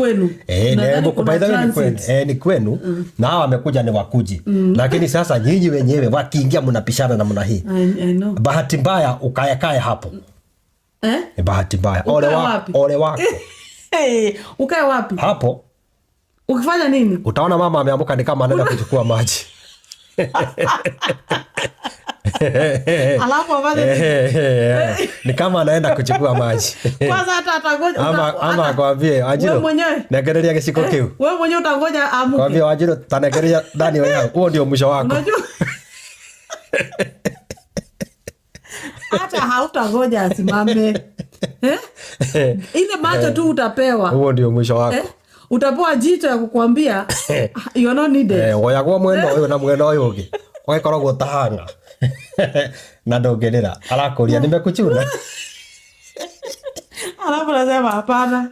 Eh, eh, ni kwenu mm. na hawa wamekuja ni wakuji mm. Lakini sasa nyinyi wenyewe wakiingia mnapishana namna hii, bahati mbaya ukaekae hapo eh? Bahati mbaya ole, wa, ole wako hey, wapi hapo? Ukifanya nini? Utaona mama ameamuka ni kama anaenda kuchukua maji alafu eh, eh, eh, ni kama anaenda kuchukua maji kwanza, hata atangoja ama ama akwambie Wanjiru negereria giciko kiu, wewe mwenyewe utangoja amuke, kwambie Wanjiru tanegereria ndani ya huo, ndio mwisho wako. hata hautagoja asimame eh, ile macho tu utapewa, huo ndio mwisho wako eh? utapewa jito ya kukwambia you are not needed eh, oyagwa mwendo uyu na mwendo uyu ungi gagĩkoragwo ta hanga na ndũngĩrĩra arakũria nĩ mekuchuna alafu nasema hapana